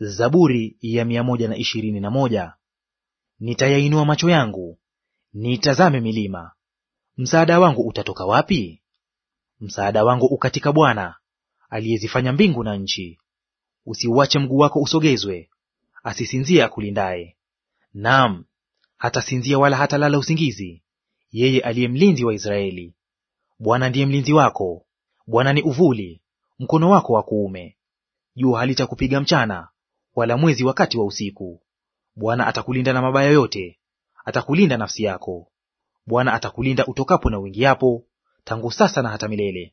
Zaburi ya mia moja na ishirini na moja. Nitayainua macho yangu niitazame milima, msaada wangu utatoka wapi? Msaada wangu ukatika Bwana aliyezifanya mbingu na nchi. Usiuache mguu wako usogezwe, asisinzie akulindaye. Naam, hatasinzia wala hatalala usingizi, yeye aliye mlinzi wa Israeli. Bwana ndiye mlinzi wako, Bwana ni uvuli mkono wako wa kuume. Jua halitakupiga mchana, wala mwezi wakati wa usiku. Bwana atakulinda na mabaya yote, atakulinda nafsi yako. Bwana atakulinda utokapo na uingiapo, tangu sasa na hata milele.